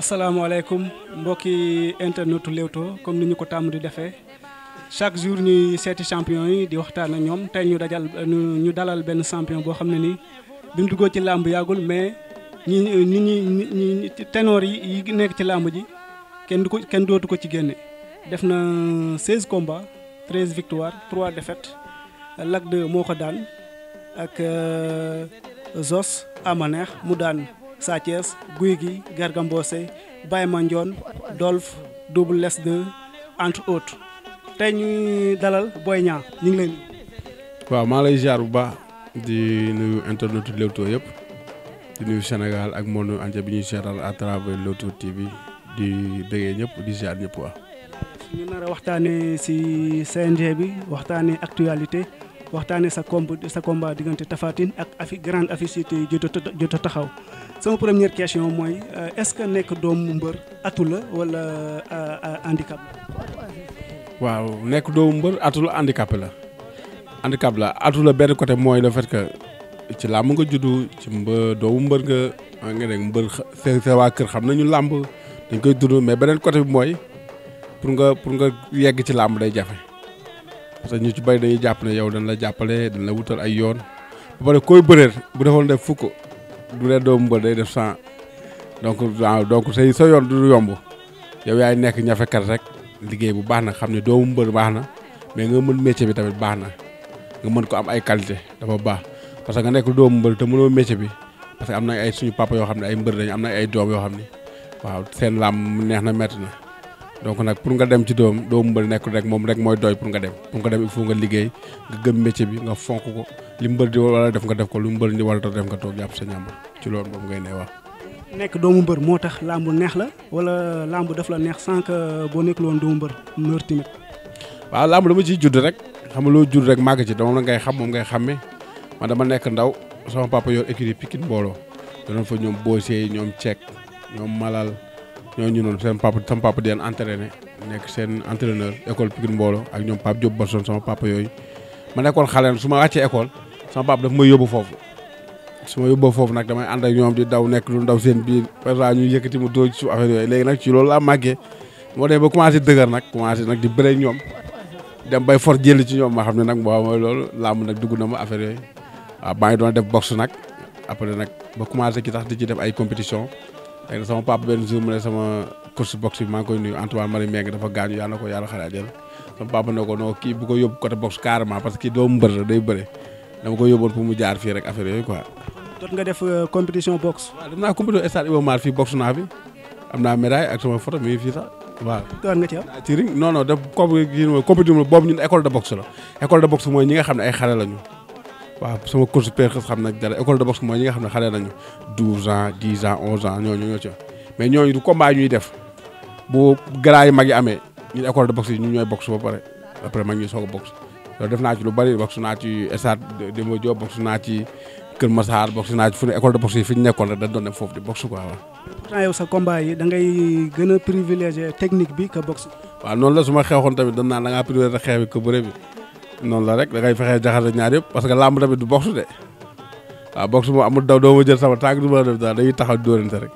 asalaamaaleykum mbokki internetu Leewtoo comme ni ñu ko tàmm di defee chaque jour ñuy seeti champion yi di waxtaan ak ñoom tey ñu dajal ñu dalal benn champion boo xam ne nii bi mu duggoo ci làmb yàggul mais ñi ñi ñi ñi ténor yi yi nekk ci làmb ji kenn du ko kenn dootu ko ci génne. def na 16 combats 13 victoires de défaites Lac 2 moo ko daan ak euh, Zos Amaneex mu daan. Sa Thiès Guy gi Garga Mbossé Baye Mandione Dolf Double Less 2 entre autres tey ñuy dalal Boy ñaa ñu ngi leen waaw maa lay ziar bu baax di nuyu internet Leewtoo yëpp di nuyu Sénégal ak monde entier bi ñuy seetal à travers Leewtoo TV di déggee ñëpp di ziar ñëpp waaw. ñu nar a waxtaanee ci CNG bi waxtaanee actualité. waxtaanee sa comb sa combat diggante tafaatin ak afi grande affiche yi jot jot a taxaw sama première question mooy euh, est-ce que nekk doomu mbër atula la wala euh, euh, handicap. waaw nekk doomu mbër atu la handicap la. handicap la atu benn côté mooy le fait que ci làmb nga juddu ci mba doomu mbër nga ah, nga mbër sa sa waa kër xam nañu làmb dañ koy dund mais beneen côté bi mooy pour nga pour nga yegg ci làmb day jafe. parce que ñu ci bari dañuy jàpp ne yow dañ la jàppale dañ la wutal ay yoon ba pare koy bëreet bu defoon def fukk du dee doomu mbër day def cent donc waaw donc say sa yoon du yomb yow yaay nekk ña ñafekat rek liggéey bu baax na xam ne doomu mbër baax na mais nga mën métier bi tamit baax na nga mën ko am ay qualité dafa baax parce que nga nekk doomu mbër te mënoo métier bi parce que am na ay suñu papa yoo xam ne ay mbër dañu am na ay doom yoo xam ni waaw seen làmb neex na métti na. donc nag pour nga dem ci doom doomu mbër nekkul rek moom rek mooy doy pour nga dem pour nga dem il faut nga liggéey nga gëm métier bi nga fonk ko li mbër di wala def nga def ko lu mbër di wala def nga toog jàpp sa ñàmbur ci loolu moom ngay ne wax. nekk doomu mbër moo tax làmb neex la wala làmb daf la neex sànq boo nekkul woon doomu mbër mër tamit. waaw làmb dama ciy judd rek xam nga loo judd rek màgg ci dama la ngay xam moom ngay xàmme man dama nekk ndaw sama papa yor écurie Pikine mbooloo danoon fa ñoom Boosé ñoom Cek ñoom Malal. ñooñu noonu seen papa sama papa di leen entraîné nekk seen entraîneur école Pikine mbooloo ak ñoom Pape Diop Basson sama papa yooyu ma nekkoon xale su ma wàccee école sama papa daf may yóbbu foofu su ma yóbbu foofu nag damay ànd ak ñoom di daw nekk lu ndaw seen biir par exemple ñu yëkkati mu doo ci suuf yooyu léegi nag ci loolu laa màggee moo demee ba commencé dëgër nag commencé nag di bëre ñoom dem bay for jëli ci ñoom ma xam ne nag moo mooy loolu làmb nag dugg na ma affaire yooyu ngi doon def boxe nag après nag ba commencé ki tax di ci def ay compétition léegi sama papa benn jour mu ne sama course boxe bi maa ngi koy nuyu Antoine Marie dafa gaañu yàlla na ko yàlla xale ajal sama papa ko non kii bu ko yóbbu côté boxe carrément parce que doo mbër day bëre dama ko yóbboon pour mu jaar fii rek affaire yooyu quoi. Euh, naa compétition stade fii boxe naa fi am naa médaille ak sama photo mi fii sax waaw. doon nga ci am. ci ring non non def compétition boobu ñun école de la école de boxe mooy ñi nga xam ne ay xale lañu. waaw sama course père xam nag dara école de boxe mooy ñi nga xam ne xale nañu douze ans dix ans onze ans ñooñu ñoo ci mais ñooñu du combat ñuy def bu garaa yi mag yi amee ñun école de boxe yi ñun ñooy boxe ba pare après mag ñuy soog a boxe def naa ci lu bari boxe naa ci stade Demba Diop boxe naa ci Kër Massar boxe naa ci fu ne école de ñu nekkoon rek dañ doon dem foofu yi da ngay gën a privilégié technique bi que boxe. waaw noonu la su ma xeexoon tamit dañ naan da ngaa privilégié xeex bi que bëre bi. noonu la rek da ngay fexee jaxase ñaar yëpp parce que làmb tamit du box de waaw box moom daw doo ma jël sama tànk du ma def daal dañuy taxaw dóorante rek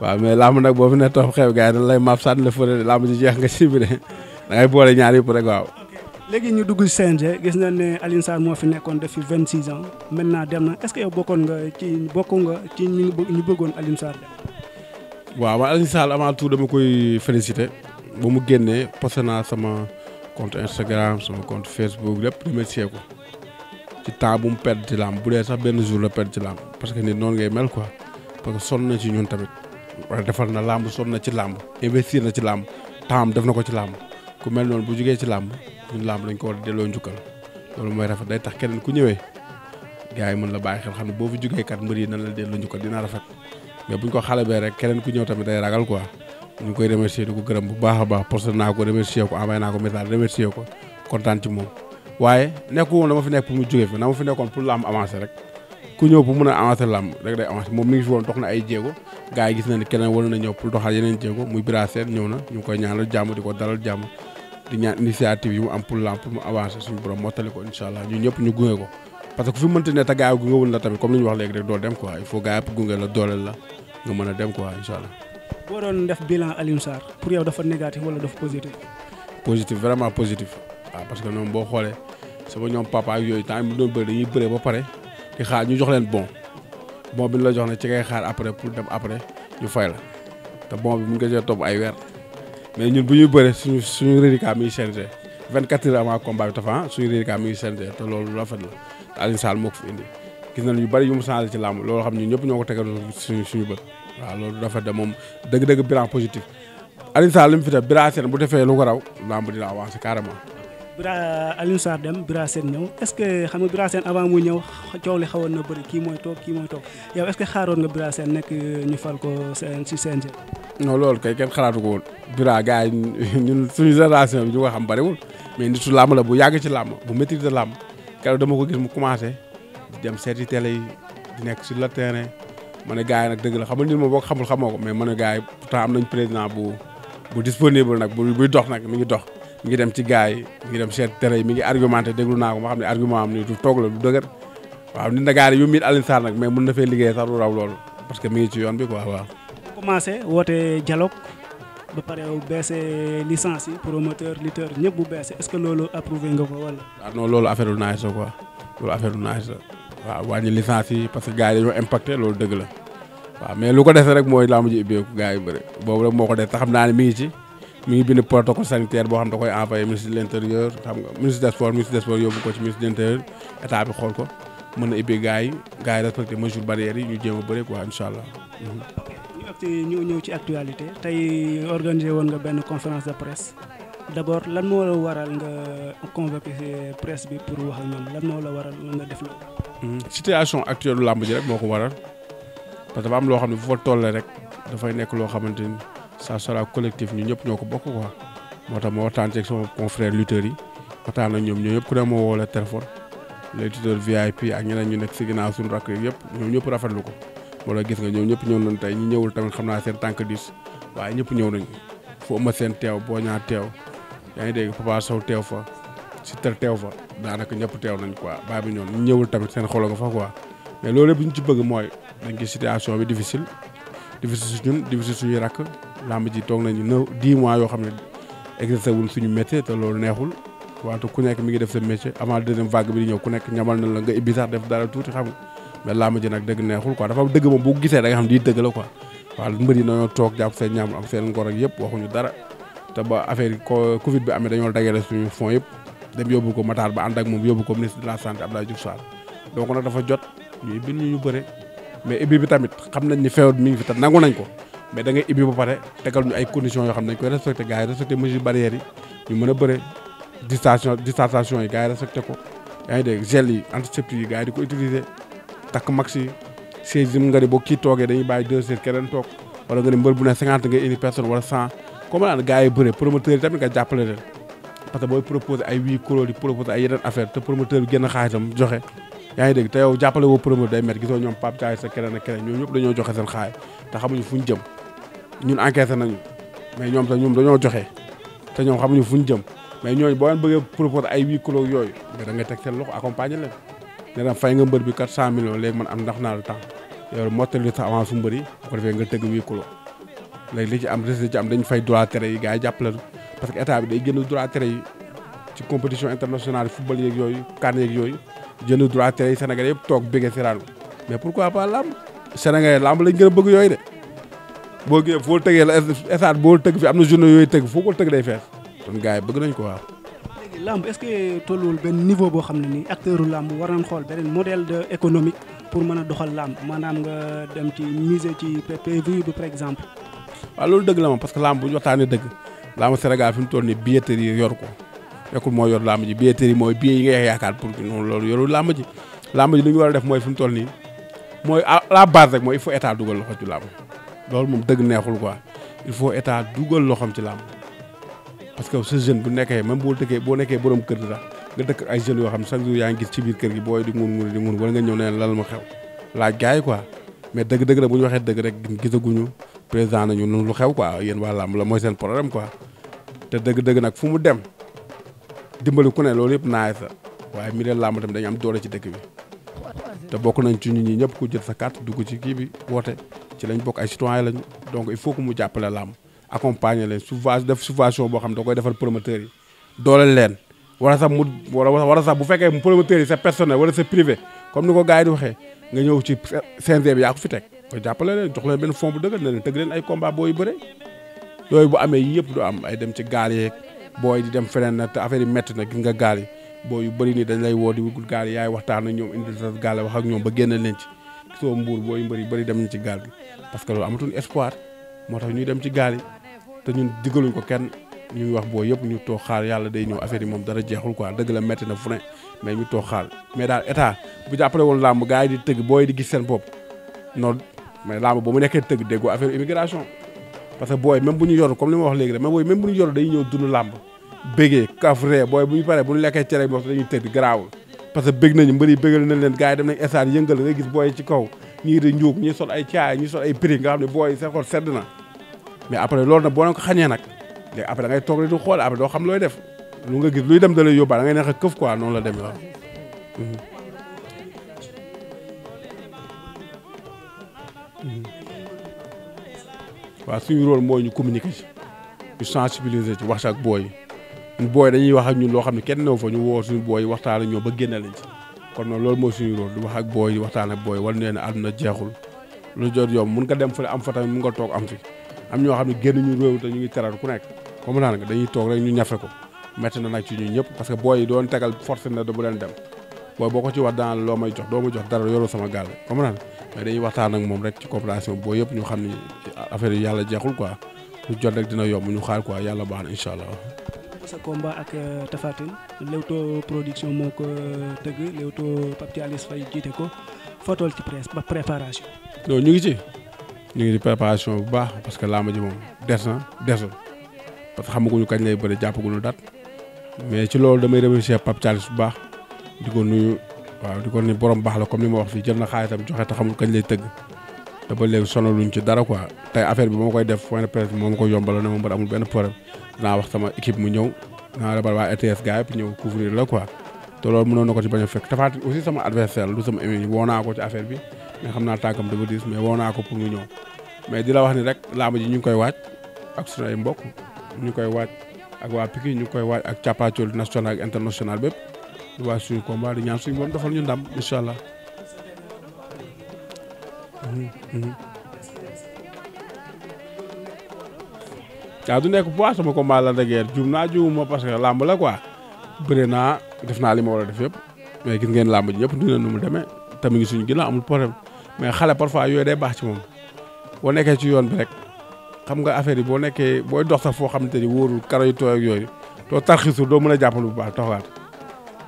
waaw mais làmb nag boo fi ne topp xew gars yi jeex nga si bi de boole ñaar yëpp rek waaw. léegi ñu dugg CNG gis nañ ne Alioune Sarr moo fi nekkoon def fi vingt 26 ans maintenant dem na est-ce que yow bokkoon nga ci bokk nga ci ñu ñu bëggoon Alioune Sarr waaw man Alioune Sarr avant tout dama koy féliciter ba mu génnee posé naa compte Instagram sama compte Facebook lépp remercier ko ci temps bu mu perdre ci làmb bu dee sax benn jour la perdre ci làmb parce que nit noon ngay mel quoi parce que sonn na ci ñun tamit wala defal na làmb sonn na ci làmb investir na ci làmb temps def na ko ci làmb ku mel noonu bu jugee ci làmb ñun làmb dañ ko war a delloo njukkal loolu mooy rafet day tax keneen ku ñëwee gars yi mën la bàyyi xel xam ne boo fi jugee kat mbër yi nan la delloo njukkal dina rafet mais buñ ko xale rek keneen ku ñëw tamit day ragal quoi. ñu ngi koy remercier di ko gërëm bu baax a baax posté naa ko remercier ko envoyé naa ko message remercier ko kontaan ci moom waaye nekku woon dama fi nekk pour mu jóge fi na ma fi nekkoon pour làmb avancé rek ku ñëw pour mën a avancé làmb rek day avancé moom mi ngi fi woon dox na ay jéego gars yi gis na ne keneen war na ñëw pour doxal yeneen jéego muy Bira ñëw na ñu ngi koy ñaanal jàmm di ko dalal jàmm di ñaan initiative yi mu am pour làmb pour mu avancé suñu ñëpp ñu gunge ko parce ne te gars yi gungewul la tamit comme wax léegi rek dool dem quoi il faut gars yëpp gunge la dooleel la boo doon def bilan Alioune Sarr pour yow dafa négatif wala dafa positif. positif vraiment positif waaw ah, parce que ñoom boo xoolee sama ñoom papa ak yooyu temps yi bëree ba pare di ñu jox leen bon bon bi ñu la jox na ci ngay xaar après pour dem après ñu fay la te bon bi mu ngi ko topp ay weer mais ñun bu ñuy bëree suñu suñu rédicat mi ngi CNG 24 heures avant combat bi Tapha ah, suñu rédicat mi ngi CNG te loolu rafet la te Alioune Sarr moo ko fi indi gis nañu ñu bëri ñoo ko tegal suñu suñu bët. waaw loolu dafa de moom dëgg-dëgg bilan positif Alioune Sarr li mu fi def Bira Sène bu defee lu ko raw lamb dina avancé carrément. Bira Alioune Sarr dem Bira Sène ñëw est ce que xam nga Bira Sène avant mu ñëw coow li xawoon na bëri kii mooy toog kii mooy toog yow est ce que xaaroon nga Bira Sène nekk euh, ñu fal ko seen si CNG. non loolu kay kenn xalaatu ko woon Bira gars yi ñun suñu génération bi ñu ko xam bëriwul mais nitu làmb la bu yàgg ci làmb bu maîtrise de làmb keroog dama ko gis mu commencé dem seeti télé yi nekk sur le terrain. mane ne gars yi nag dëgg la xamal nit ma boo ko xamul xamoo ko mais ma ne gars yi am nañ président bu bu disponible nag bu dox nag mi ngi dox mi ngi dem ci gars yi mi ngi dem seet tere yi mi ngi argumenté déglu naa ko ma xam ne argument am ni du toog la du dëgër waaw nit na gars yi yu miit Alioune nag mais mun na fee liggéey sax du raw loolu parce que mi ngi ci yoon bi quoi waaw. commencé woote dialogue ba pare bu beesee licence yi promoteur bu beesee est-ce que loolu approuvé nga ko ah loolu affaire lu naaj la waaw wàññi licence yi parce que gars yi dañoo impacté loolu dëgg la waaw mais lu ko dese rek mooy làmb ji ubbeeku gars yi bëri boobu rek moo ko def te xam naa ne mi ci mi bind protocole sanitaire boo xam da koy envoyé ministre de ministre des sports ko ci ministre de l' xool ko mën na ubbi gars yi gars yi respecté yi ñu jéem a bëri quoi incha allah. ñu ñëw ci actualité tey organisé woon nga benn conférence d'abord lan moo la waral nga convoqué presse bi pour wax ak ñoom lan moo la waral nga def loolu. Hmm, situation actuelle lu làmb ji rek moo ko waral parce que am loo xam ne bu fa rek dafay nekk loo xamante ni ça sera collectif ñu ñëpp ñoo ko bokk quoi moo tax moo waxtaan ak sama yi waxtaan ak ñoom ñoo ñëpp ku ne ma woo la téléphone les lutteurs VIP ak ñeneen ñu nekk si ginnaaw suñu rakk yëpp ñoom ñëpp rafetlu ko moo gis nga ñoom ñëpp ñëw nañu tey ñi ñëwul tamit xam naa seen tànk diis waaye ñëpp ñëw nañu foo ma seen teew boo ñaa teew. yaa dégg Papa Sow teew fa Siteu teew fa daanaka ñëpp teew nañ quoi baa bi ñoom ñu ñëwul tamit seen xolo nga fa quoi mais loolu bi ñu ci bëgg mooy dañ gis situation bi difficile difficile su ñun difficile suñuy rakk làmb ji toog nañu neuf dix mois yoo xam ne exercer wul suñu métier te loolu neexul wante ku nekk mi ngi def sa métier avant deuxième vague bi di ñëw ku nekk ñamal na la nga ibbi sax def dara tuuti xam nga mais làmb ji nag dëgg neexul quoi dafa dëgg moom bu gisee da nga xam di dëgg la quoi waaw mbër yi nañoo toog jàpp seen ñaam am ak yëpp waxuñu dara te ba affaire Covid bi amee dañoo dajale suñu fonds yëpp dem yóbbu ko Matar ba ànd ak moom yóbbu ko ministre de la santé Abdoulaye Diouf Sarr donc nag dafa jot ñu ibbi ñu ñu bëre mais ibbi bi tamit xam nañ ni feewut mi ngi fi te nangu nañ ko mais da ngay ñu ay conditions yoo xam ne dañ koy respecté gars yi respecté mesures barrières yi ñu mën a bëre distanciation distanciation yi gars yi respecté ko yaa ngi dégg gel yi antiseptique yi di ko utiliser takk max yi yi nga ne boo comme naan gars yi bëre promoteur yi tamit nga jàppale leen parce que booy proposer ay huit kuréel di proposer ay yeneen affaire te promoteur bi génn xaalisam joxe yaa ngi dégg ñoom Pape ñoom dañoo joxe seen xaay ñu fu ñu jëm mais ñooñu boo leen bëggee proposer ay huit kilos yooyu mais da nga teg seen loxo accompagner leen ne la fay nga mbër bi quatre cent millions léegi man am ndax naa lu tax yow mottali sa avance su mbër ko defee nga tëgg huit kilos léegi li ci am dañ fay droit tere yi gars yi jàppale parce que état bi day génn droit tere yi ci compétition internationale football yooyu CAN yeeg yooyu jënd droit tere yi Sénégal yëpp toog béggee si mais pourquoi pas làmb Sénégal làmb lañ gën a bëgg yooyu de boo gee foo tëgee la état boo tëgg fi am na journée yooyu tëgg foo ko tëgg day fees kon gars yi bëgg nañ ko waaw. léegi làmb est-ce que tolluwul benn niveau boo xam ne nii acteur làmb war nañ xool beneen modèle de économique pour mën a doxal làmb maanaam dem ci ci PPV bi exemple. waaw loolu dëgg la moom parce que lamb bu ñu waxtaanee dëgg lamb Sénégal fi mu nii billetterie yi yor ko nekkul moo yor lamb ji billetterie mooy bii yi ngay yaakaar pour non loolu yorul lamb ji lamb ji war a mooy fi mu toll nii mooy la base mooy il faut état dugal loxo ci lamb loolu moom dëgg neexul quoi il faut état dugal loxoom ci lamb parce que ce jeune bu nekkee même boo dëkkee boo nekkee borom kër gi sax nga dëkk ay jeunes yoo xam ne chaque jour yaa ngi gis ci biir kër gi booy di ngun ngun di ngun wala nga ñëw ne lal ma xew laaj gars yi quoi mais dëgg dëgg la ñu président nañu nu lu xew quoi yéen waa làmb la mooy seen problème quoi te dëgg-dëgg nag fu mu dem dimbali ku ne loolu yëpp naay sa waaye mi leen làmb tamit dañ am doole ci dëkk bi te bokk nañ ci ñun ñi ñëpp ku jël sa carte dugg ci kii bi woote ci lañ bokk ay citoyen lañ donc il faut mu jàppale làmb accompagner leen subvention def subvention boo xam da koy defal promoteurs yi dooleel leen wala sax mu wala wala sax bu fekkee promoteurs yi sa personnel wala c'est privé comme ni ko gars yi di waxee nga ñëw ci CNG bi yaa ko fi teg koy jàppale leen jox leen benn fond bu dëgër ne leen tëgg leen ay combat yooyu bu amee yëpp du am ay dem ci gaal yeeg booy dem feneen na affaire yi métti na gis nga gaal yi booy yu bëri nii dañ lay woo di wugul gaal yaay waxtaan na ñoom indi sa gaal wax ak ñoom ba génn leen ci gisoo mbuur booy mbëri bëri dem nañ ci gaal gi que loolu amatul espoir moo tax ñuy dem ci gaal yi te ñun digaluñ ko kenn ñuy wax boo yëpp ñu toog xaal yàlla day ñëw affaire yi moom dara jeexul quoi dëgg la métti na fu ne mais ñu toog xaar mais daal état bu jàppale woon làmb gars yi di tëgg booy di gis seen bopp mais làmb ba mu nekkee tëgg déggoo affaire immigration parce que booy même bu ñu yor comme li ma wax léegi rek mais bu ñu yor dañuy ñëw dund làmb bégee kaf ree booy bu ñu paree bu ñu lekkee cere bi wax dañuy tëdd garaawul parce que bég nañu mbëri bégal nañ leen gars yi dem nañ esaan yëngal nga gis booy xam ne loolu nag boo leen ko xañee nag léegi après da ngay toog rek di xool après doo xam looy def lu nga gis luy dem da lay yóbbaale da ngay neex a këf quoi noonu la demee waaw mhm. Mhm. waaw suñu rôle mooy ñu communiquer ci ñu sensibiliser ci wax ak booy yi booy dañuy wax ak ñun loo xam ne kenn new fa ñu woo suñu booy waxtaan ak ba génne lañ ci kon noonu loolu mooy suñu rôle di wax ak booy waxtaan booy wala nee na àdduna jeexul lu jot yomb mun nga dem fële am fa tamit mun nga toog am fi am ñoo xam ne génn ñu réew te ñu ngi teral ku nekk comme naan dañuy toog ñu ñafe ko metti na nag ci ñu ñëpp parce que booy yi doon tegal forcé na bu leen dem booy boo ko ci wax daan loo may jox doo ma jox dara yoroo sama gàll comme waaye dañuy waxtaan ak moom rek ci coopération boo yëpp ñu xam ni affaire yi yàlla jeexul quoi lu jot rek dina yomb ñu xaar quoi yàlla baax na incha allah. sa combat ak euh, Tapha Tine production moo ko euh, tëgg Leewtoo Pape Thialis Faye jiite ko foo toll ci presse ba préparation. ñu ngi si ñu ngi ci préparation bu baax parce que làmb ji moom des na desul parce que xamaguñu kañ lay bëri jàppaguñu dat mais ci loolu damay remercier Pape Thialis baax waaw di ko ni borom baax la comme li ma wax fii jël na xaalisam joxe te xamul kañ lay tëgg te ba léegi sonaluñ ci dara quoi tey affaire bi moo koy def point de presse moo ma koy yombaloon ne moom ba benn problème dinaa wax sama équipe mu ñëw dinaa rabal waa RTS ñëw couvrir la quoi te loolu mënoon na ko ci bañ a fekk Tapha Tine aussi sama adversaire lu sama émi woo naa ko ci affaire bi mais xam naa tànkam dafa diis mais woo naa ko pour mu ñëw mais di la wax ni rek làmb ji ñu ngi koy waaj a suñu ay koy waaj ak waa Pikine ñu ngi koy waaj ak cappaacul national ak international bépp di waaj suñu combat di ñaan suñu borom defal ñu ndam incha allah. waaw du nekk poids sama combat la dëgër juum naa juumuma parce que làmb la quoi bëri naa def naa li ma war a def yëpp mais gis ngeen làmb ji yëpp dina nu mu demee tamit ngi suñu ginnaaw amul problème mais xale parfois yooyu day baax ci moom boo nekkee ci yoon bi rek xam nga affaire yi boo nekkee boo dox sax foo xamante ni wóorul karo yu tooy ak yooyu doo tarxisu doo mën a jàppal bu baax taxawaat.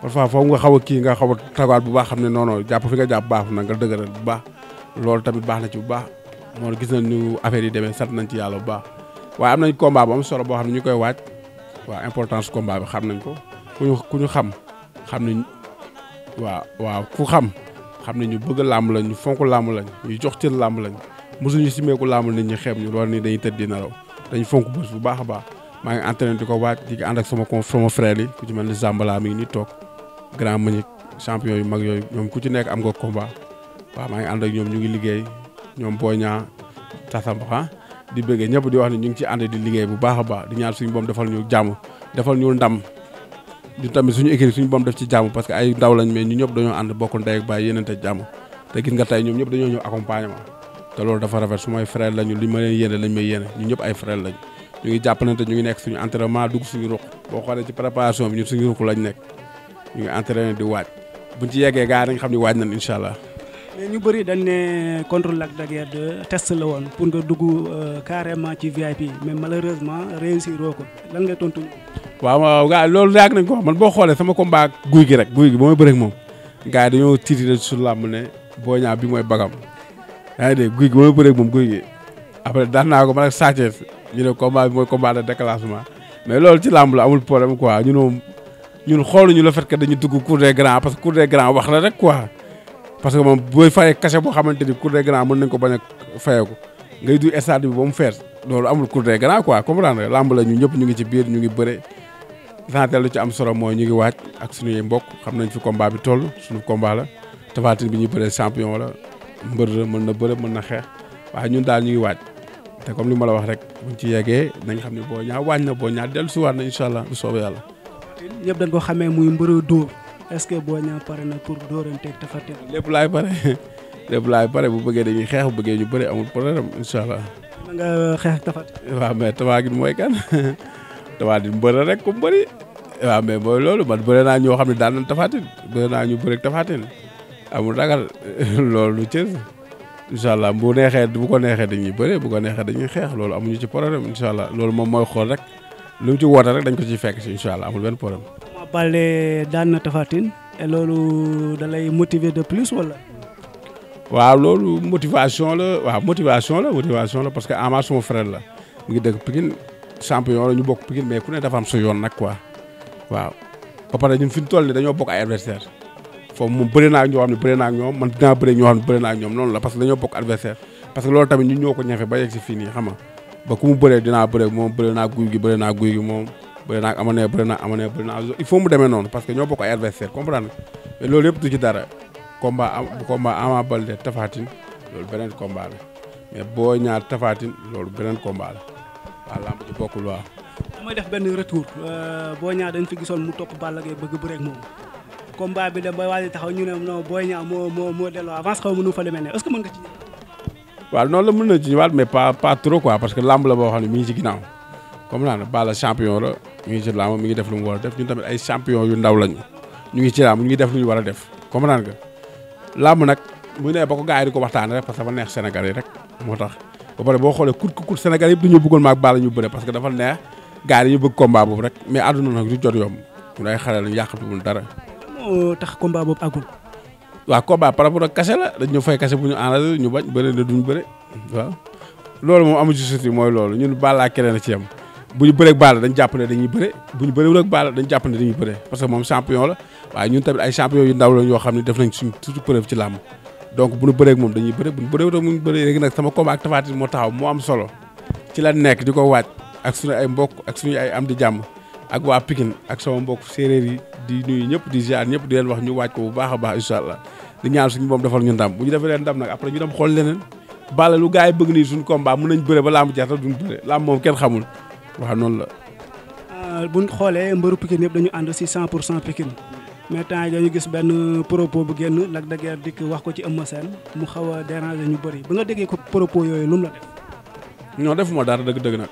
parfois foofu nga xaw kii nga xaw a tagaat bu baax xam ne non non jàpp fi nga jàpp baax na nga dëgëral bu baax loolu tamit baax na ci bu baax moo gis nañ ni affaire yi demee sant nañ ci yàlla bu baax waaye am nañ combat bu am boo xam ne ñu koy waaj waaw importance combat bi xam nañ ko ku ñu ku ñu xam xam ne waa waa ku xam xam ne ñu bëgg làmb lañ ñu fonk làmb lañ ñu jox cër làmb lañ mosuñu simeeku làmb nit ñi xeeb ñu loolu ni dañuy tëdd di nelaw dañ fonk bés bu baax a baax maa ngi ko waaj di ànd ak sama sama frère yi ku ci mel ni Zambala mi ngi nii toog grand Mbagnick champion yu mag yooyu ñoom ku ci nekk am nga combat waaw maa ngi ànd ñoom ñu ngi liggéey ñoom booy ñaa tasamba ah, di bëggee ñëpp di wax ne ñu ngi ci ànd di liggéey bu baax a baax di ñaan suñu boom defal ñu jàmm defal ñu ndam ñu tamit suñu parce que ay ndaw lañ mais ñu ñëpp dañoo ànd bokk ndey ak baay yéenante jàmm te gis nga tey ñoom ñëpp dañoo ñëw accompagnement te loolu dafa rafet su may frère lañu li ma leen yéene may yéene ñu ñëpp ay frère lañu ñu ngi jàppalante ñu nekk suñu entraînement dugg suñu ruq boo xoolee ci préparation ñu ngi entraîné di waaj buñ ci yeggee gaa yi xam ni waaj nañ incha allah. ñu bëri dañ ne contre Lac de Guiers test la woon pour nga dugg euh, carrément ci VIP mais malheureusement réussir woo ko lan nga tontu. waaw waaw gars loolu yàgg nañ ko man boo xoolee sama combat guy gi rek guy gi ba may bëre ak moom gars yi dañoo tiitale su làmb ne boo ñaaw bi mooy bagam yaa ngi dégg guy gi ba may bëre ak moom guy gi après daan naa ko man ak Sa Thiès ñu ne combat bi mooy combat de mais loolu ci la amul problème quoi ñun ñun xooluñu le fait que dañu dugg cour des grands parce que cour des grands wax la rek quoi parce que moom booy fayee cachet boo xamante ni cour des grands mën nañ ko bañ a fayeeku ngay du stade bi ba mu fees loolu amul cour des grands quoi comprendre nga làmb la ñu ñëpp ñu ngi ci biir ñu ngi bëre santel lu ci am solo mooy ñu ngi waaj ak suñuy mbokk xam nañ fi combat bi toll suñu combat la Tapha bi ñuy bëree champion la mbër la mën na bëre mën na xeex waaye ñun daal ñu ngi waaj te comme li ma la wax rek buñ ci yeggee nañ xam ne boo ñaa waaj na boo ñaa dellu si waat allah bu yàlla ñëpp dañ ko xamee muy mbëru dóor est-ce que Boy Niang pare na pour dóoranteeg Tapha Tine. lépp laay pare lépp laay pare bu bëggee dañuy xeex bu bëggee ñu bëri amul problème incha allah. na xeex ak Tapha mais Tapha Tine mooy kan Tapha Tine mbër rek ku mbëri waaw mais mooy loolu man naa ñoo xam ne daan nañ Tapha Tine naa ñu bëri Tapha Tine amul ragal loolu cër incha allah bu neexee bu ko neexee dañuy bëri bu ko neexee dañuy xeex loolu amuñu ci problème incha allah loolu moom mooy xool rek. lu mu ci woote rek dañ ko ciy fekk si incha allah amul benn problème. Ama Baldé daan na Tapha Tine et loolu da lay motiver de plus wala. waaw loolu motivation la waaw motivation la motivation la parce que Ama suma frère la mu ngi dëkk Pikine champion la ñu bokk Pikine mais ku ne dafa am sa yoon nag quoi waaw. ba pare ñun fi ñu toll nii dañoo bokk ay adversaire foofu moom bëri naa ak ñoo xam ne bëri naa ak ñoom man naa ak noonu la parce que dañoo ko ñafe ba fii nii xam ba ku mu bëree dinaa bëree moom bëree naa guy gi bëree naa guy gi moom bëri naa amanee bëri naa amanee bëri naa il faut mu demee noonu parce que ñoo bokk ay adversaire comprendre mais loolu yëpp du ci dara combat am combat Ama Baldé Tapha Tine loolu beneen combat la mais Boy Niang Tapha Tine loolu beneen combat la waaw lamb ci bokkul waaw. damay def benn retour euh, Boy Niang dañ fi gisoon mu topp Balla Gaye bëgg bëre ak moom combat bi dem ba waaj taxaw ñu ne non Boy Niang moo moo moo delloo avance xaw ma nu mu fa demee ne est-ce que mën nga ci. waaw noonu la mën na ci ñëwaat mais pas pas trop quoi parce que làmb la boo xam ne mi ngi ci ginnaaw comme naa champion la mi ngi def lu mu war a def ñun a def comme naan nga làmb nag bu ne ba ko gars rek parce que dafa neex Sénégal yi rek moo tax ba pare xoolee kut kut Sénégal ñu bëre parce que dafa neex gars yi ñu bëgg combat boobu rek du jot yomb ñun ay xale lañu dara. moo tax combat boobu àggul waaw combat par rapport ak kase la dañ ñu fay kase bu ñu enragé ñu bañ bëri na duñ bëri loolu moom amu ci suuti mooy loolu ñun Balla ak keneen a ci yem bu ñu bëree Balla dañ jàpp ne dañuy bëre bu ñu bëree ak Balla dañ jàpp ne dañuy bëre parce que moom champion la waaye ñun tamit ay champion yu ndaw yoo xam ne def nañ suñ toute preuve ci làmb donc bu ñu bëree ak moom dañuy bëre bu ñu bëree ak moom bëree léegi nag sama combat ak Tapha moo taxaw moo am ci la nekk di ko waaj ak suñu ay mbokk ak suñu ay am di jàmm ak waa ak sama mbokk séeréer yi di nuyu ñëpp di ziar ñëpp di leen wax ñu waaj ko bu baax a baax incha allah di ñaan suñu moom defal ñu ndam bu ñu defee ndam nag après ñu dem xool leneen Balla lu gars yi bëgg nii suñu combat mën nañ bëre ba làmb jeex duñ bëre làmb moom kenn xamul waaw noonu la. Ah, buñ xoolee mbëru Pikine yëpp dañu ànd si 100 pour 100 Pikine mais temps yi dañu gis benn propos bu génn Lac de Guiers dikk wax ko ci Eumeu Sène mu xaw a déranger ñu bëri ba nga déggee ko propos yooyu lu mu la def. non dara dëgg-dëgg nag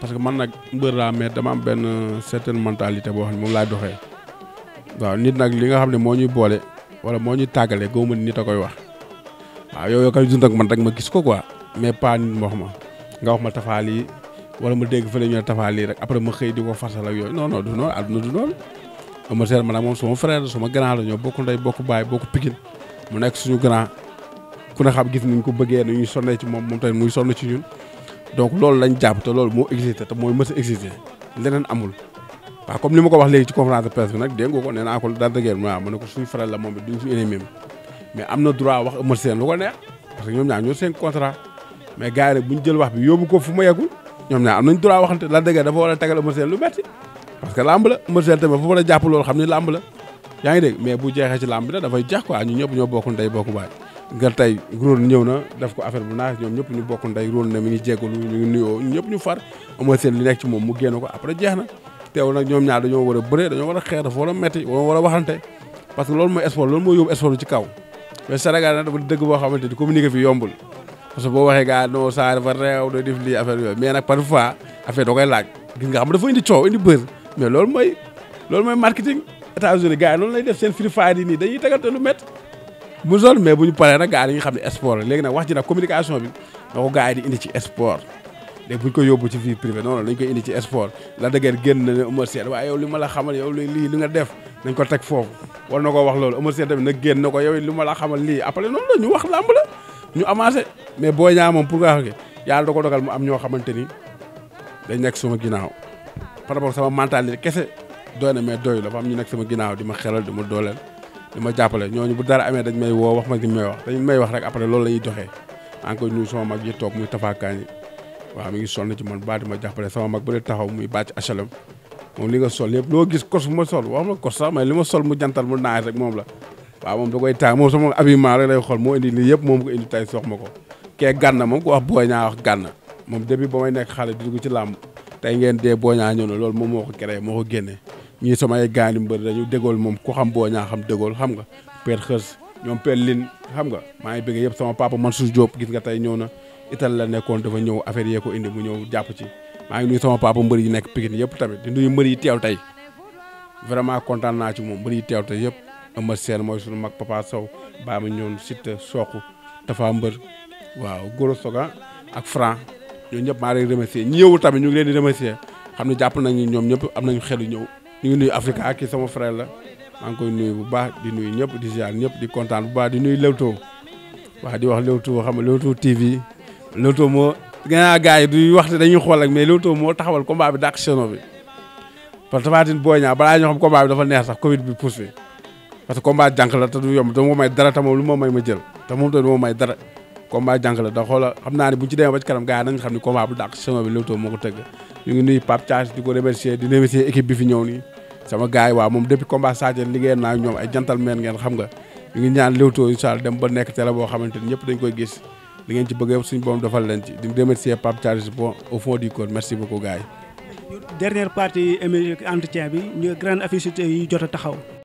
parce que man nag mbër laa mais am benn euh, certaine mentalité boo xam ne moom laay doxee waaw nit nag li nga xam ne moo ñuy boole wala moo ñuy tàggale góob mën nit a koy wax waaw yow yow kay dund ak man rek ma gis ko quoi mais pas nit ma wax ma nga wax ma tafaal yi wala ma dégg fële ñu ne tafaal yi rek après ma xëy di ko fasal ak yooyu noonu non du noonu àdduna du noonu. Eumeu Sène man ak moom suma frère suma grand la ñoo bokk ndey bokk baay bokk pikin mu nekk suñu grand ku ne xam gis nañ ko bëggee nu ñuy sonne ci moom moom tamit muy sonn ci ñun donc loolu lañ jàpp te loolu moo existé te mooy mës a leneen amul. waaw comme li ma ko wax léegi ci conférence de presse bi nag dégg nga ko nee naa ko Lac de Guiers waaw ma ko suñu faral la moom it duñ suñu ennemi mais am na droit wax Eumeu Sène lu ko neex parce que ñoom ñaar ñoo seen contrat mais wax bi yóbbu ko fu ma a tegal lu metti parce que làmb la tamit fu war a jàpp loolu xam ni làmb yaa ngi dégg mais bu jeexee ci làmb bi dafay jeex quoi ñu ñëpp ñoo bokk ndey bokk baay nga tey róon ñëw na def ko affaire bu naaj ñoom ñëpp ñu bokk ndey róon na mi ngi jéggalu ñu moom mu génn ko après jeex na teewul nag ñoom ñaar dañoo war a bëre dañoo war a xeex dafa war a metti war a waxante parce loolu mooy sport loolu mooy yóbbu sport loolu mooy marketing États-Unis gars yi loolu lay def seen free fire yi nii dañuy tegante lu métti mu sol bu ñu paree nag gars yi nga xam ne sport léegi nag wax ji nag communication bi na ko gars yi di indi ci sport léegi buñ ko yóbbu ci vie privée non non dañ koy indi ci sport la da ngeen génn ne Eumeu Sène waaye yow li ma la xamal yow li lii li nga def nañ ko teg foofu war na ko wax loolu Eumeu Sène tamit nag génn na ko yow lu ma la xamal lii après noonu la ñu wax làmb la mais Boy Niang moom pour nga wax yàlla ko dogal mu am ñoo xamante ni dañ nekk sama ginnaaw par rapport sama mentalité kese doy na mais doy la fa am ñu nekk sama ginnaaw di ma xelal di ma dooleel di ma jàppale ñooñu bu dara amee dañ may woo wax ma li may wax dañ may wax rek loolu la ñuy doxee encore ñu sama mag yi toog muy yi waaw mi ngi sonn ci man baati ma jàppale sama mag bu dee taxaw muy bàcc HLM moom li nga sol yëpp loo gis kos bu ma sol wax ma kos sax mais li ma sol mu jantal mu naaj rek moom la waaw moom da koy taag moom sama habillement rek lay xool moo indi lii yëpp moom ko indi tay ma ko kee gànna moom wax booñaa wax moom depuis ba nekk xale di ci làmb tey ngeen dee booñaa ñëw na loolu moom moo ko créé moo ko génne ñii samay gaani mbër dañu dégool moom ku xam booñaa xam dégool xam nga peer xës ñoom peer lin xam nga maa ngi bëgg yëpp sama papa Mansour Diop gis nga tey ñëw na ital la nekkoon dafa ñëw affaire yee ko indi mu ñëw jàpp ci maa ngi nuyu sama papa mbër yi nekk Pikine yëpp tamit di nuyu mbër yi teew tey vraiment kontaan naa ci moom mbër yi teew tey yëpp Eumeu Sène mooy suñu mag Papa Sow baa ma ñoon Siteu Sokh Tapha Mbeur waaw Goro Soga ak Franc ñoo ñëpp maa leen remercier ñi ñëwul tamit ñu ngi leen di remercier xam ne jàpp nañu ñoom ñëpp am nañu xelu ñëw ñu ngi nuyu ak ki sama frère la maa ngi koy nuyu bu baax di ñëpp di ziar ñëpp di kontaan bu baax di nuyu Leewtoo waaw di wax Leewtoo xam nga Leewtoo Leewtoo moo gannaaw gars yi du wax dañuy xool ak mais Leewtoo moo taxawal combat bi dàq saison bi parce que Tapha Tine la te du yomb te may dara te lu ma may ma jël te moom tamit moo may dara combat jànk la da xoola xam naa ne buñ ci demee ba ci kanam ko tëgg di ko remercier équipe bi fi ñëw nii sama gars yi waaw moom depuis combat Sadio liggéey naa ñoom ay jantal ngeen xam nga ñu ngi ñaan Leewtoo incha allah dem ba nekk télé boo xamante ni ñëpp dañ koy gis li ngeen ci bëggee yëpp suñu borom defal leen ci di remercier Pape Charles bon au fond du corps merci beaucoup gars yi. dernière partie entretien bi ñu grande affiche yi jot a taxaw.